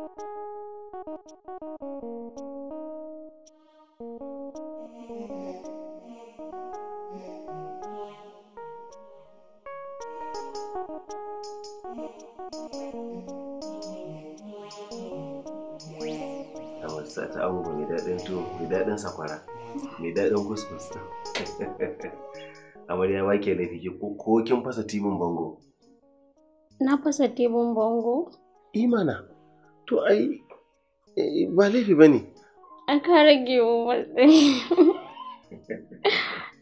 sa ta abubuwa mai daɗin sakwara mai daɗin kuskus amarya ba ke laifi ki ko kin fasa tibin bango na fasa tibin bango imana To ai eh, ba laifi ba ne. An ka rage mu matsayi.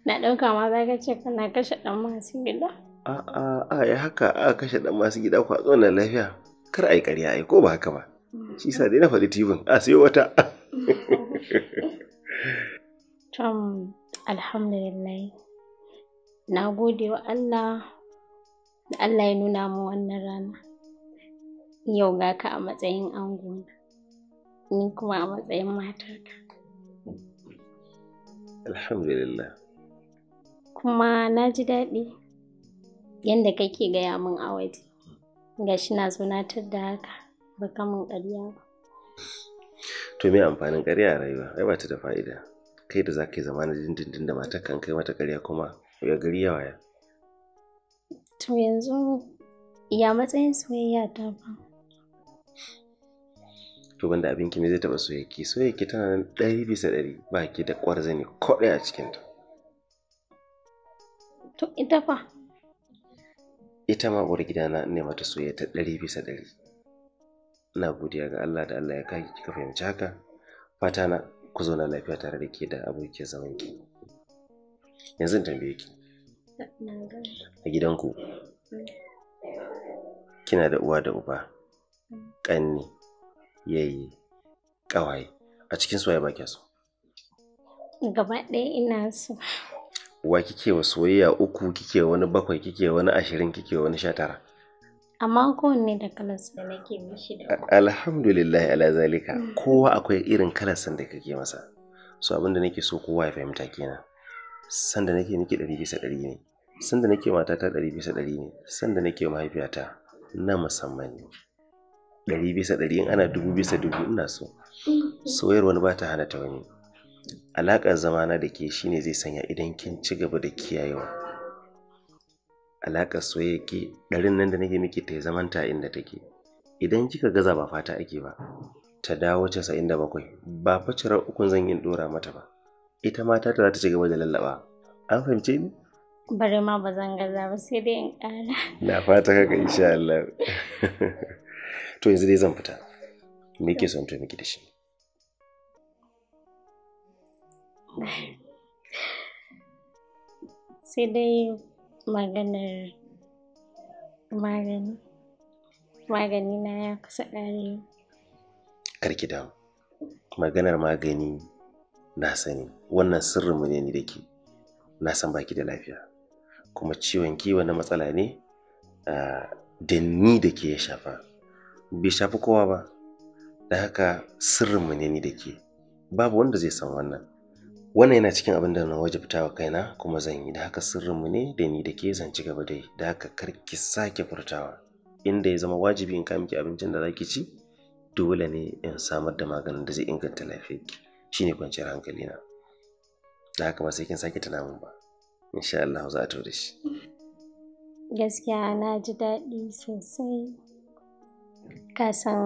Na ɗauka ma za ka ce kana kashe ɗan masu gida. A'a a ya haka a kashe ɗan masu gida kwa a lafiya. Kar a yi ƙarya ai ko ba haka ba. Mm. Shi sa dai na faɗi tibin a sai wata. Tom alhamdulillah. Na gode wa Allah da Allah ya nuna mu wannan rana. yau ga ka a matsayin angona ni kuma a matsayin matarka alhamdulillah kuma na ji daɗi yadda kake gaya min a waje shi na zo na da haka baka min ƙarya ba to me amfanin ƙarya a rayuwa ai ba ta da fa'ida kai da za ka yi zama na dindindin da matar kan kai mata ƙarya kuma ya gari yawa ya to yanzu ya matsayin soyayya ta ba to banda abinki ne zai taɓa soyayya soyayya tana nan ɗari bisa ɗari ba ki da ƙwarzani ko ɗaya a cikinta to ita fa ita ma uwar na ne mata soyayya ta ɗari bisa ɗari ina godiya ga Allah da Allah ya kai kika fahimci haka fata na ku zauna lafiya tare da ke da abokin zaman ki yanzu in tambaye ki a gidanku mm. kina da uwa da uba ƙanni yayi ƙawaye a cikin soyayya ba so gaba ɗaya ina so wa kike wa soyayya uku kike wani bakwai kike wani ashirin kike wani sha tara amma kowanne da kalas da nake mishi da alhamdulillah ala zalika mm. kowa akwai irin kalasan da kake masa so abin da nake so kowa ya fahimta kenan san da nake miki ɗari bisa ɗari ne san da nake matata ɗari bisa ɗari ne san da nake mahaifiyata na musamman ne ɗari bisa ɗari in ana dubu bisa dubu ina so soyar wani ba ta hana ta wani alaƙar zamana da ke shine zai sanya idan kin ci gaba da kiyayewa alaƙar soyayya ke ɗarin nan da nake miki ta zamanta inda take idan kika gaza ba fata ake ba ta dawo casa'in da bakwai ba facirar ukun zan yin ɗora mata ba ita mata ta za ta ci gaba da lallaɓa an fahimce ni bari ma ba zan gaza ba sai dai in ƙara na fata kaka insha Allah to yanzu dai zan fita me yake son miki da shi sai dai maganar magani magani na ya kusa ƙare karki damu maganar magani na sani wannan sirrinmu ne ni da ke na san baki da lafiya kuma ciwon kiwon na matsala ne ah, da ni da ke ya shafa bai shafi kowa ba da haka sirrinmu ne ni da ke babu wanda zai san wannan wannan yana cikin abin da na wajibta wa kaina kuma zan yi da haka sirrinmu ne da ni da ke zan ci gaba da da haka kar ki sake furtawa inda ya zama wajibi in ka miki abincin da zaki ci dole ne in samar da maganin da zai inganta lafiyarki shine kwanciyar hankali na da haka ba sai kin sake tunamin ba insha Allah za a tura shi gaskiya na ji daɗi sosai ka san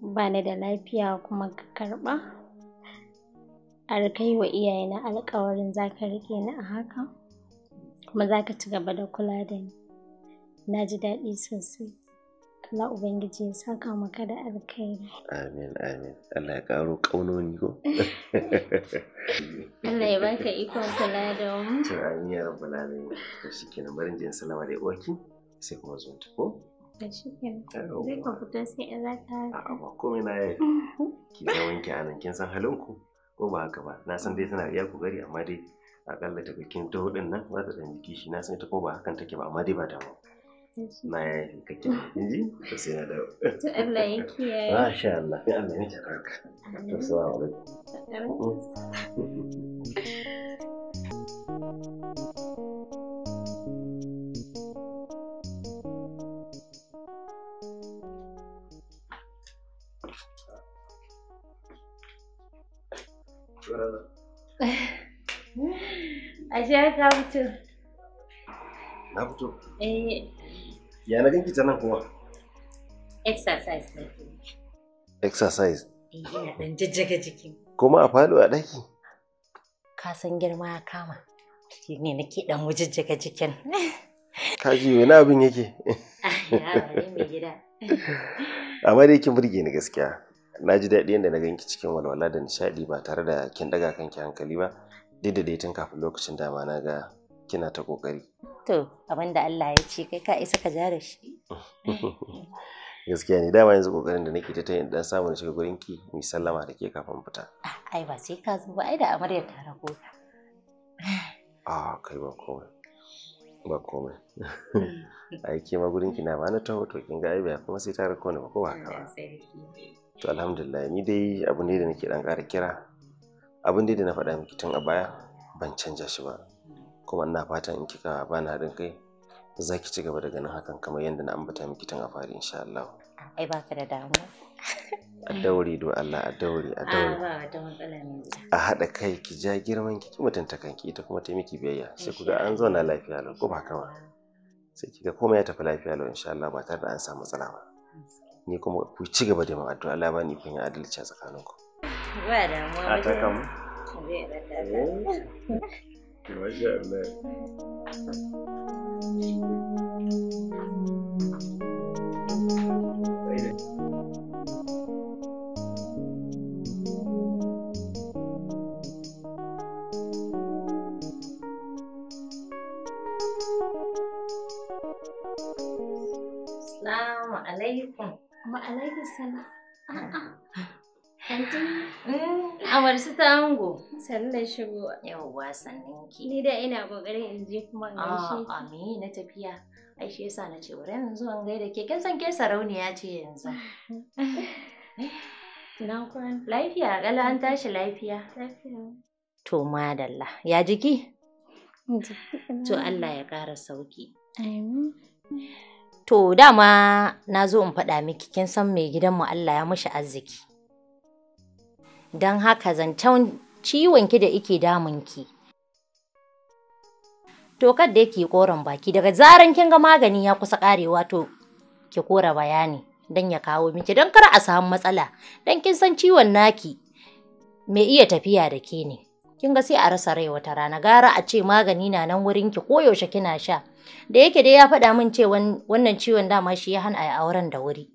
ba ni da lafiya kuma ka karɓa a kai wa na alƙawarin za ka riƙe ni a haka kuma za ka ci gaba da kula da ni na ji daɗi sosai Allah Ubangiji ya saka maka da alkhairi. Amin, amin. Allah ya karo ƙaunoni ko. Allah ya baka ikon kula da mu. To amin ya da shi ke na barin jin salama da uwarki sai kuma zuwa ko. Zai ka fito sai in komai na yi. Ki da wanke anan kin san halin ku ko ba haka ba. Na san dai tana iya kokari amma dai akalla ta kin taho din nan ba ta dan jiki shi na san ita ko ba hakan take ba amma dai ba damu. Na yi kake kin to sai na dawo. To Allah ya kiyaye. Masha Allah. Ya Allah ya tsare To alaikum. Na fito? Eh. ta nan kuma? Exercise Kuma a falo a daki Ka girma ya kama. Shi ji wani abin yake? Ya, mai gida. Amma burge ni gaskiya. na ji daɗi yadda na ganki cikin walwala da nishaɗi ba tare da kin ɗaga kanki hankali ba duk da tun kafin lokacin dama na ga kina ta ƙoƙari. To abinda Allah ya ce kai ka isa ka jara shi. Gaskiya ne dama yanzu ƙoƙarin da nake ta ta yin ɗan samu na shiga gurin ki mai sallama da ke kafin fita. Ah, ai ba sai ka zo ba ai da amarya ta rago. A ah, kai ba komai. Ba komai. Ai ke ma gurin ki na ma na taho to kin ga ai ba kuma sai ta rago ne ba ko ba haka ba. to alhamdulillah ni dai abu ne da nake dan ƙara kira abin da na faɗa miki tun a baya ban canja shi ba kuma ina fatan in kika bana haɗin kai za ki ci gaba da ganin hakan kamar yadda na ambata miki tun a fari insha Allah ai baka da damuwa a daure do Allah a daure a daure a haɗa kai ki ja girman ki ki mutunta kanki ita kuma ta miki biyayya sai ku ga an zauna lafiya lau ko ba kama sai kika komai ya tafi lafiya lau insha Allah ba tare da an samu matsala ba ni kuma ku ci gaba da min addu'a Allah bani kun yi adalci a ku ba da mu a ta kam da ki wajen Allah. alaikum salam. Ah, ah. mm, su ta ango. Sannu shigo. Yawwa sannin ki. Ni da ina kokarin in je kuma in gaishe ah, ki. na tafiya. Ai shi yasa na ce wurin yanzu an gaida ke kin san ke sarauniya ce yanzu. Ina Lafiya kala an tashi lafiya. Lafiya. To madalla. Ya jiki? To Allah ya ƙara sauki. Amin. To dama na zo in faɗa miki kin san mai mu Allah ya mashi arziki. Don haka ciwon ki da damun ki. To kadda yake koren baki daga zaran kin ga magani ya kusa ƙarewa to ki kora bayani don ya kawo miki don kar a samu matsala don kin san ciwon naki mai iya tafiya da ke ne. Kin ga sai a rasa rai wata rana gara a ce magani na nan wurin ki koyaushe kina sha da yake dai ya faɗa min ce wannan ciwon dama shi ya hana a auren da wuri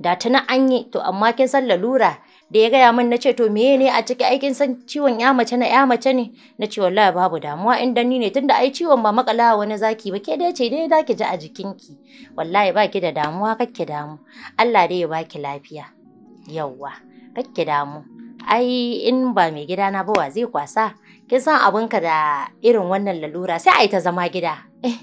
da tuna an yi to amma kin san lalura da ya gaya min na ce to meye ne a ciki aikin san ciwon ya mace na ya mace ne na ce wallahi babu damuwa in danni ne tunda ai ciwon ba makala wani zaki ba ke dai ce dai zaki ji a jikinki wallahi baki da damuwa kake damu Allah dai ya baki lafiya yawwa kake damu ai in ba mai gidana ba wa zai kwasa kin san abinka da irin wannan lalura sai a yi ta zama gida.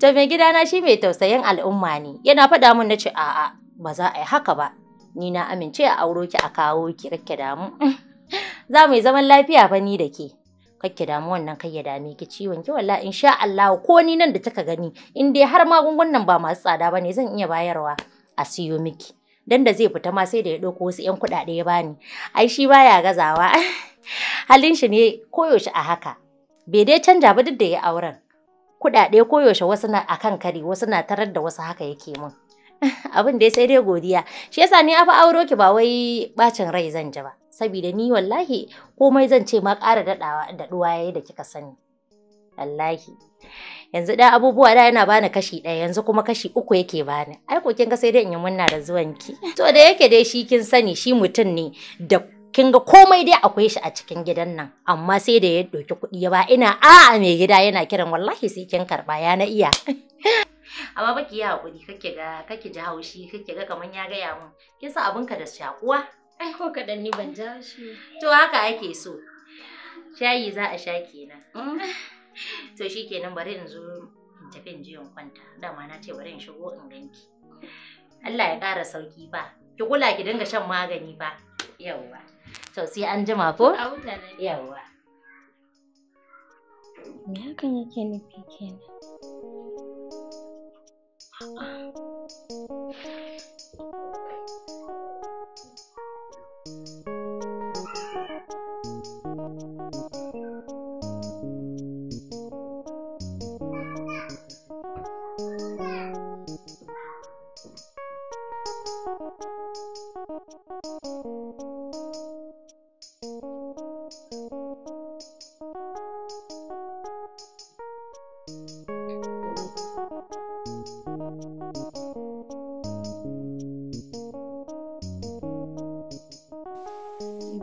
To mai na shi mai tausayin al'umma ne, yana faɗa min na ce a'a ba za a yi haka ba, ni na amince a auro ki a kawo ki kakke damu. Za mu yi zaman lafiya ba ni da ke. Kakke damu wannan kai ya dame ki ciwon ki wallahi sha Allah ko ni nan da kika gani in dai har magungunan ba masu tsada ba ne zan iya bayarwa a siyo miki. Dan da zai fita ma sai da ya ɗauko wasu 'yan kuɗaɗe ya bani. Ai shi baya gazawa. Halin shi ne koyaushe a haka, bai dai canja ba duk da ya auren. Kuɗaɗe koyaushe wasu na a kan kari, wasu na tarar da wasu haka yake mun Abin dai sai dai godiya, shi yasa ni afa auro ki ba wai bacin rai zan ji ba, saboda ni wallahi komai zan ce ma ƙara daɗawa da ɗuwa yayi da kika sani. Wallahi. yanzu da abubuwa da yana bani kashi ɗaya yanzu kuma kashi uku yake bani ai ko kin ga sai dai in yi munna da zuwanki to da yake dai shi kin sani shi mutum ne da kin ga komai dai akwai shi a cikin gidan nan amma sai da ya ɗauki kuɗi ya ba ina a'a mai gida yana kiran wallahi sai kin karɓa ya na iya amma baki yi haƙuri kake ga kake ji haushi kake ga kaman ya gaya mun kin sa abinka da shakuwa ai ko kaɗan ni ban ja shi to haka ake so shayi za a sha kenan mm. to shi kenan bari in zo in tafi in je in kwanta dama na ce bari in shigo in ganki Allah ya ƙara sauki ba ki kula ki dinga shan magani ba yauwa to sai an jima ko yawa me hakan yake nufi kenan ah, ah.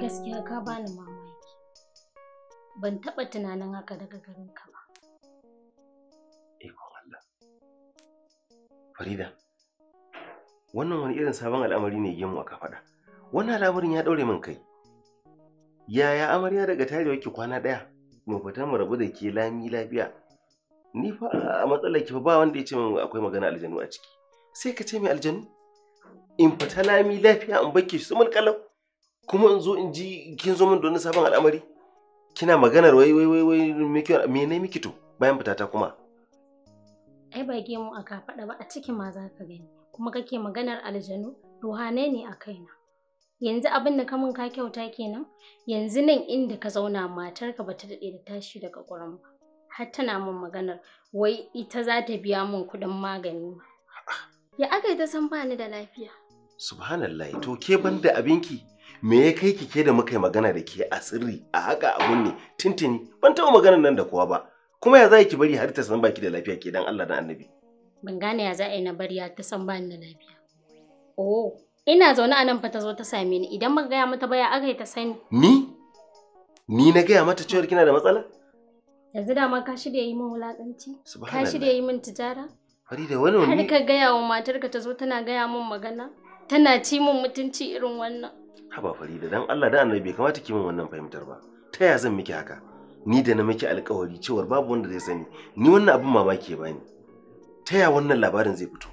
gaskiya ka bani mamaki. Ban taba tunanin haka daga garin ka ba. Ikon Allah. Farida, wannan wani irin sabon al'amari ne gemu aka faɗa. Wannan al'amarin ya ɗaure min kai. Yaya amarya daga tarewa ki kwana ɗaya? Mu fita mu rabu da ke lami lafiya. Ni fa a matsalar ki fa ba wanda ya ce min akwai magana aljanu a ciki. Sai ka ce mai aljanu? In fita lami lafiya in bakke su mun kalau. kuma in zo in ji kin zo min don sabon al'amari kina maganar wai wai wai wai me ne miki to bayan fitata kuma ai ba gemu a kafaɗa ba a cikin ma za ka gani kuma kake maganar aljanu ruhane ne a kaina yanzu abin da kamun ka kyauta kenan yanzu nan inda ka zauna matarka ba ta daɗe da tashi daga gurin ba har tana min maganar wai ita za ta biya min kuɗin magani ya aka ta san ba ni da lafiya subhanallah to ke banda abinki me ya kai kike da muka yi magana da ke a sirri a haka a gunne tintini ban taɓa maganar nan da kowa ba kuma ya za ki bari har ta san baki da lafiya ke dan Allah da annabi ban gane ya za a yi na bari har ta san ni da lafiya oh ina zaune a nan fa ta zo ta same ni idan muka gaya mata ba ya aka ta sani ni ni na gaya mata cewa kina da matsala yanzu dama ka shirya yi min wulakanci ka shirya yi min tijara Farida wani wani har ka gaya wa matarka ta zo tana gaya min magana tana ci min mutunci irin wannan haba farida dan Allah da annabi bai kamata ki min wannan fahimtar ba ta ya zan miki haka ni da na miki alƙawari cewar babu wanda zai sani ni wannan abin mamaki ba bani ta ya wannan labarin zai fito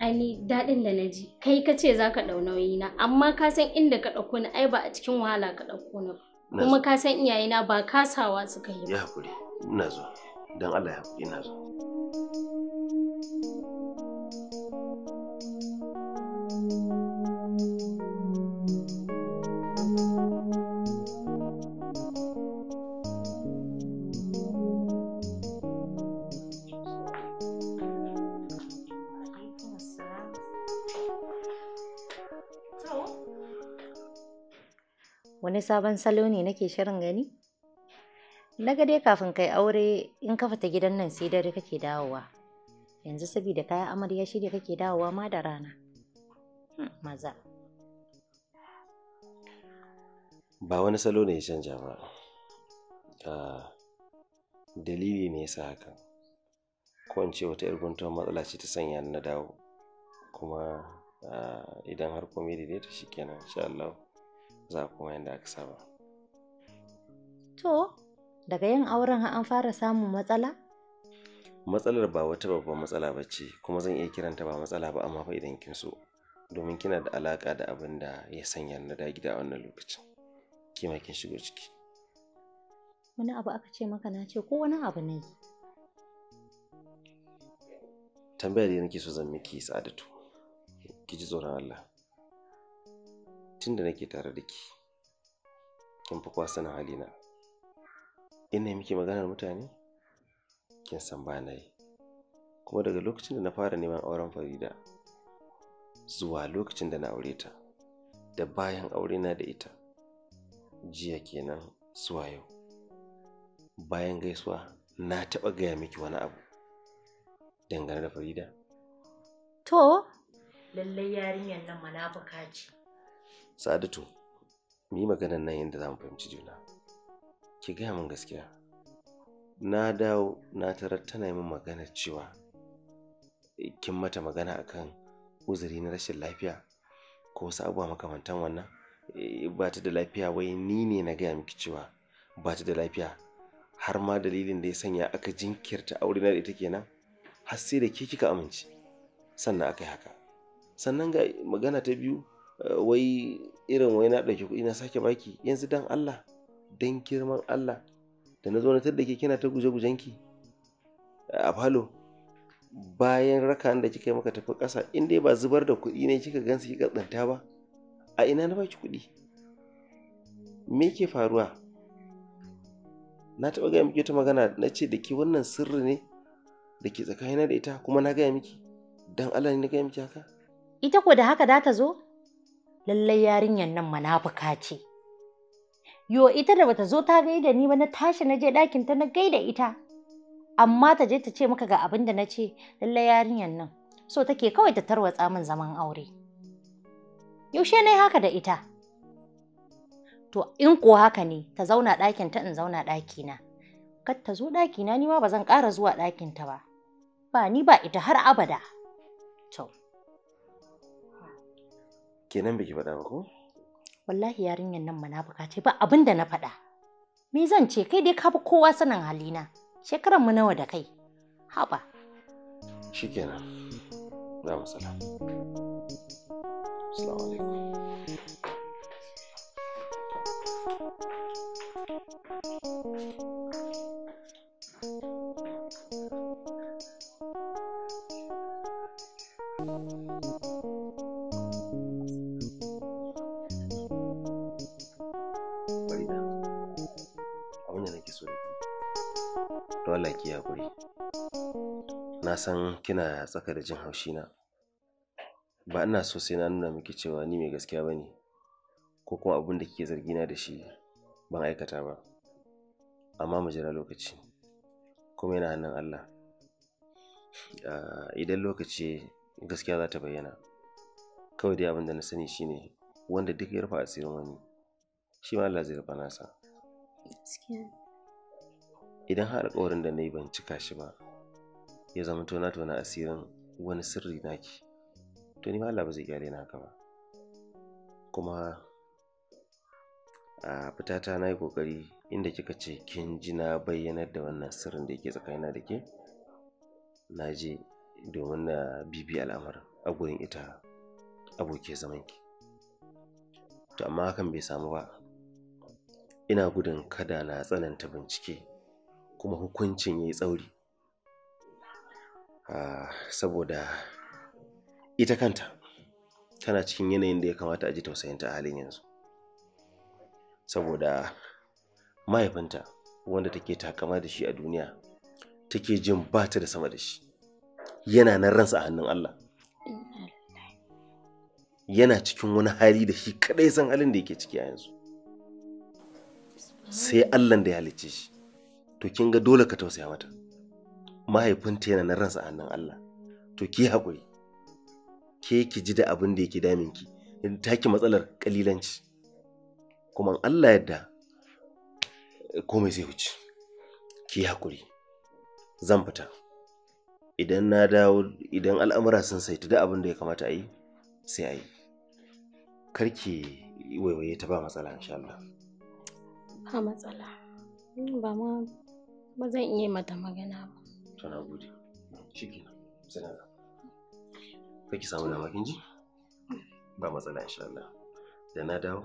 ani daɗin da naji kai ka ce za ka ɗau na amma ka san inda ka dauko ni ai ba a cikin wahala ka dauko ni kuma ka san iyayena ba kasawa suka yi ya hakuri ina zo dan Allah ya hakuri ina zo wani sabon salo ne nake shirin gani? Na ga dai kafin kai aure in ka fita gidan nan sai dare kake dawowa. Yanzu saboda kaya amarya shirya kake dawowa ma da rana. Hmm, maza. Ba wani salo ne ya canja ba. Ah, dalili ne ya sa hakan. ce wata irguntar matsala ce ta sanya na dawo. Kuma ah, idan har komai ta shi kenan insha Allah. za kuma yadda aka saba. To, daga yin auren an fara samun matsala? Matsalar ba wata babban matsala ba ce, kuma zan iya kiranta ba matsala ba amma fa idan kin so, domin kina da alaƙa da abin da ya sanya na da gida a wannan lokacin. Kima kin shigo ciki. Wani abu aka ce maka na ce ko wani abu ne? Tambayar da nake so zan miki sa'adatu. Ki ji tsoron Allah. tun da nake tare da ki kin fi kwa sanin halina ina miki maganar mutane kin san ba na yi kuma daga lokacin da na fara neman auren farida zuwa lokacin da na aure ta da bayan aure na da ita jiya kenan zuwa yau bayan gaisuwa na taɓa gaya miki wani abu dangane da farida to lallai yarinyar nan munafuka ce Sadatu, mu yi maganan nan yadda za mu fahimci juna. Ki gaya min gaskiya. Na dawo na tarar tana min magana cewa kin mata magana akan uzuri na rashin lafiya ko wasu abuwa makamantan wannan eh, ba ta da lafiya wai ni ne na gaya miki cewa ba ta da lafiya har ma dalilin da ya sanya aka jinkirta aure na da ita kenan har sai da ke kika amince sannan aka yi haka sannan ga magana ta biyu Eh, wai irin wai na ɗauki kuɗi na sake baki yanzu dan Allah dan girman Allah da na zo na tadda ke kina ta guje ki eh, a falo bayan rakan da kika yi maka tafi ƙasa in dai ba zubar da kuɗi ne kika gansu kika tsanta ba a ina na baki kuɗi me ke faruwa na taɓa gaya miki ta magana na ce da ke wannan sirri ne da ke tsakanina da ita kuma na gaya miki dan Allah ne na gaya miki haka ita ko da haka za ta zo lallai yarinyar nan manafuka ce yo ita da bata zo ta gaida ni ba na tashi na je ɗakin ta na gaida ita amma ta je ta ce maka ga abin da na ce lallai yarinyar nan so take kawai ta tarwatsa min zaman aure yaushe na yi haka da ita to in ko haka ne ta zauna ɗakin ta in zauna ɗakina kar ta zo ɗakina ni ma ba zan ƙara zuwa ɗakin ta ba ba ni ba ita har abada to kenan biki faɗa ba ko wallahi yarinyar nan munafuka ce ba abin da na faɗa me zan ce kai dai ka bi kowa sanin halina shekaran mu nawa da kai haba shikenan na masala assalamu alaikum to Allah ki hakuri na san kina tsaka da jin haushi na ba ina so sai na nuna miki cewa ni mai gaskiya bane ko kuma abin da kike zargi na da shi ban aikata ba amma mu jira lokaci kuma yana hannun Allah ah, idan lokaci gaskiya za ta bayyana kawai dai abin da na sani shine wanda duk ya rufa asirin wani shi ma Allah zai rufa nasa idan har alkawarin da na yi ban cika shi ba ya zama tona tona asirin wani sirri naki to ni ma Allah ba zai kyale ni haka ba kuma a fitata na yi ƙoƙari inda kika ce kin ji na bayyanar da wannan sirrin da yake tsakanina da ke na je domin na bibi al'amarin a gurin ita zaman zamanki to amma hakan bai samu ba ina gudun kada na tsananta bincike kuma hukuncin ya yi tsauri ah, saboda ita kanta tana cikin yanayin da ya kamata a ji tausayinta a halin yanzu saboda mahaifinta wanda take takama da shi a duniya take jin ba ta da sama da shi yana nan ransa a hannun Allah yana cikin wani hali da shi kadai san halin da yake ciki a yanzu sai Allah da ya halicce shi to kin ga dole ka tausaya mata mahaifinta yana na ransa a hannun Allah to ki hakuri ke ki ji da abin da yake damin ki in taki matsalar kalilanci kuma Allah yadda komai zai wuce ki haƙuri zan fita idan na dawo idan al'amura sun saita da abin da ya kamata a yi sai a yi ki waiwaye ta ba matsala insha Allah ba matsala hmm, ba ma ba zan iya mata magana ba. To na gode. Shikenan. Sai na Kai ki samu lamarin ji? Ba matsala insha Allah. Da na dawo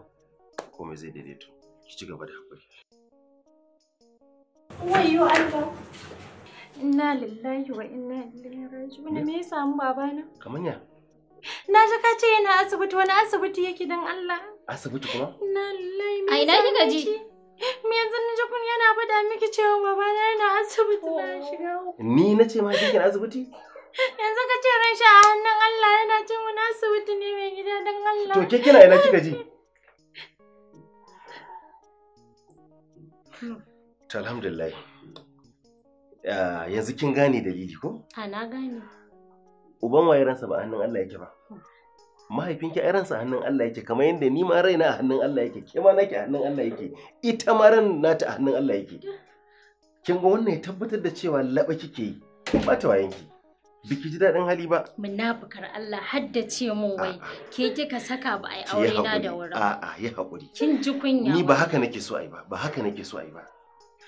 komai zai daidaito. Ki ci gaba da hakuri. Wayyo Alba. Inna lillahi wa inna ilaihi raji'un. Me ya samu babana? Kaman ya? Na ji ka ce yana asibiti wani asibiti yake dan Allah. Asibiti kuma? Inna lillahi. A ina kika ji? Me yanzu na ji kun yana faɗa miki cewa baba na yana asibiti na oh. shiga. Ni na ce ma kike asibiti? Yanzu ka ce ran shi a hannun Allah yana ce mun asibiti ne mai gida don Allah. To ke kina ina kika ji? To alhamdulillah. Ah, yanzu kin gane dalili ko? A na gane. Uban waye ransa ba hannun Allah yake ba. mahaifinki a ransa hannun Allah yake kamar yadda ni ma raina a hannun Allah yake ke ma nake a hannun Allah yake ita ma ran nata a hannun Allah yake kin ga wannan ya tabbatar da cewa laba kike yi kin bata wayanki biki ji daɗin hali ba munafukar Allah hadda ce mu wai ke kika saka ba ai aure na da wurin a a yi hakuri kin ji kunya ni ba haka nake so ai ba ba haka nake so ai ba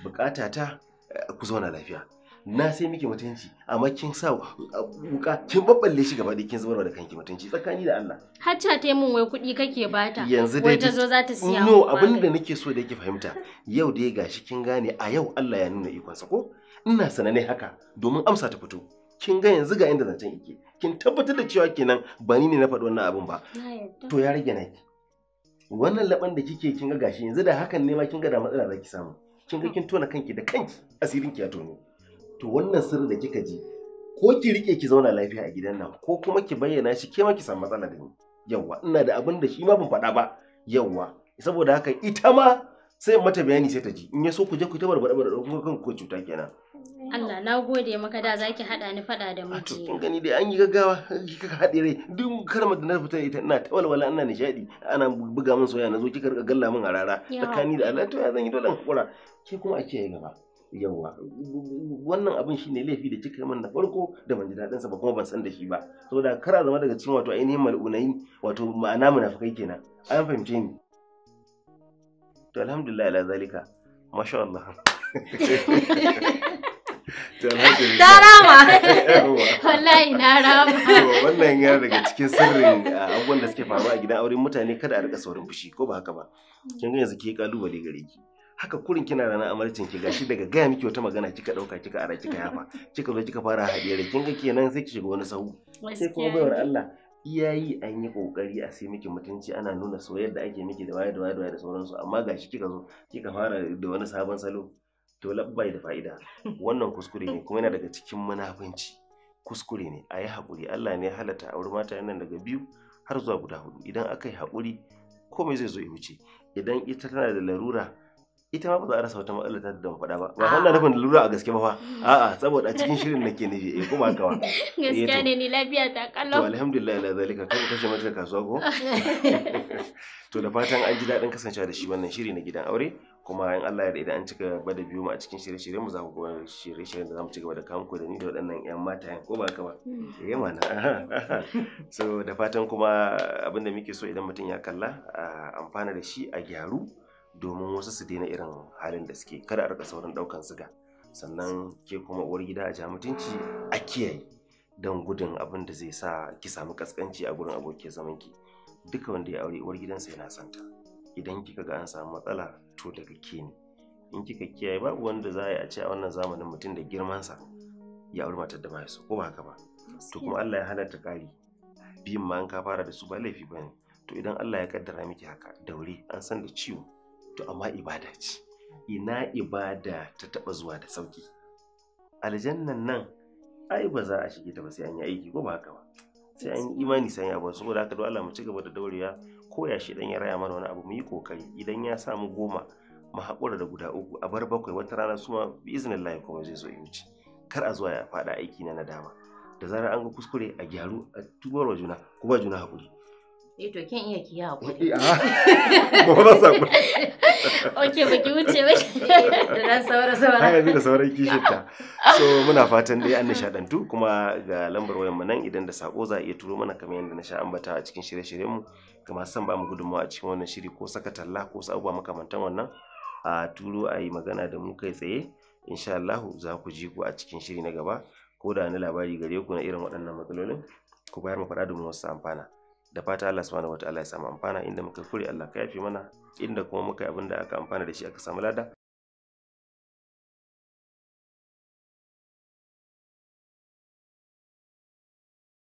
bukata ta eh, ku zauna lafiya na sai miki mutunci amma kin sa wuka kin babballe shi gaba kin zubarwa da kanki mutunci tsakani da Allah hacca ta mun wai kuɗi kake bata yanzu dai ta zo za ta siya no abin da nake so da yake fahimta yau dai gashi kin gane a yau Allah ya nuna ikonsa ko ina sanane haka domin amsa ta fito kin ga yanzu ga inda zancen yake kin tabbatar da cewa kenan ba ni ne na faɗi wannan abin ba to ya rage naki wannan laban da kike kin ga gashi yanzu da hakan ne ma kin ga da matsala zaki samu kin ga hmm. kin tona kanki da kanki asirin ki ya tono to wannan sirri da kika ji ko ki rike ki zauna lafiya a gidan nan ko kuma ki bayyana shi ke ma ki samu matsala da ni yawwa ina da abin da shi ma ban faɗa ba yawwa saboda haka ita ma sai mata bayani sai ta ji in ya so ku je ku ta barbada barbada kuma kan ku cuta kenan Allah na gode maka da zaki hada ni fada da To kin gani dai an yi gaggawa kika hade rai duk karmar da na fita ita ina ta walwala ina nishadi ana buga min soyayya zo kika rika galla min a rara tsakani da Allah to ya zan yi dole kura ke kuma a yi gaba yawa wannan abin shine laifi da kika min na farko da ban ji daɗin sa ba kuma ban san da shi ba saboda kara zama daga cikin wato ainihin mal'unai wato ma'ana munafikai kenan an fahimce ni to alhamdulillah ala zalika masha Allah na rama wallahi na rama wannan yana daga cikin sirrin ah, abubuwan da suke faruwa a gidan auren mutane kada a rika saurin fushi ko ba haka ba kin ga yanzu ke kalubale gare ki haka kurin kina ranar amarcin ki gashi daga gaya miki wata magana kika dauka kika ara kika yafa kika zo kika fara hadiyar kin ga kenan sai ki shiga wani sahu sai kuma baiwar Allah iyayi an yi kokari a sai miki mutunci ana nuna soyayyar da ake miki da waye da waye da sauransu amma gashi kika zo kika fara da wani sabon salo to labbai da fa'ida wannan kuskure ne kuma yana daga cikin munafunci kuskure ne Ayi yi haƙuri Allah ne halatta a mata nan daga biyu har zuwa guda hudu idan aka yi haƙuri komai zai zo ya wuce idan ita tana da larura ita ma ba za a rasa wata matsala ta da faɗa ba ba wannan nufin lura a gaske ba fa a'a saboda a cikin shirin nake nufi eh kuma haka ba eh, gaskiya ne ni lafiya ta kallo to alhamdulillah ila zalika kai kashe mata kasuwa ko to da fatan an ji daɗin kasancewa da shi wannan shiri na gidan aure kuma in Allah ya da idan an cika ba da biyu mu a cikin shirye-shiryen mu za ku ga shirye-shiryen da za mu ci gaba da kan ku da ni da waɗannan 'yan mata ko ba haka ba hmm. eh mana so da fatan kuma abinda muke so idan mutum ya kalla a amfana da shi a gyaru domin wasu su daina irin halin da suke kada a rika saurin daukan siga sannan ke kuma uwar gida a ja mutunci a kiyaye don gudun abin da zai sa ki samu kaskanci a gurin abokin zaman ki duka wanda ya aure uwar gidansa yana santa idan kika ga an samu matsala to daga ke ne in kika kiyaye babu wanda za a ce a wannan zamanin mutum da girmansa ya aure matar da ba ko ba haka ba to kuma Allah ya halatta kari biyun ma an ka fara da su ba laifi ba ne to idan Allah ya kaddara miki haka daure an san da ciwo to amma ibada ce ina ibada ta taba zuwa da sauki aljannan nan ai ba za a shige ta ba sai an yi aiki ko ba haka ba sai an yi imani sai ya bar saboda haka don Allah mu ci gaba da daurewa ko ya shi dan ya raya mana wani abu mu yi kokari idan ya samu goma mu haƙura da guda uku a bar bakwai wata rana su ma, bi iznillahi kuma zai zo yuci kar a zuwa ya faɗa aiki na na dama, da zarar an ga kuskure a gyaru a tubar wa juna kuma juna hakuri Eh to kin iya ki hakuri. Ba ba wuce ba. Dan saura saura. yanzu da sauran kishinta. So muna fatan dai an nishadantu kuma ga lambar wayar mu nan idan da sako za a iya turo mana kamar yanda na sha ambata a cikin shirye-shiryen mu. Ga san ba mu gudunmawa a cikin wannan shiri ko saka talla ko su abubuwa makamantan wannan. A turo a yi magana da mu kai tsaye. Insha Allah za ku ji ku a cikin shiri na gaba. Ko da na labari gare ku na irin waɗannan matsalolin. Ku bayar mu faɗa domin wasu amfana. da fata Allah subhanahu wataala ya samu amfana inda muka kure Allah ka yafi mana inda kuma muka abin da aka amfana da shi aka samu lada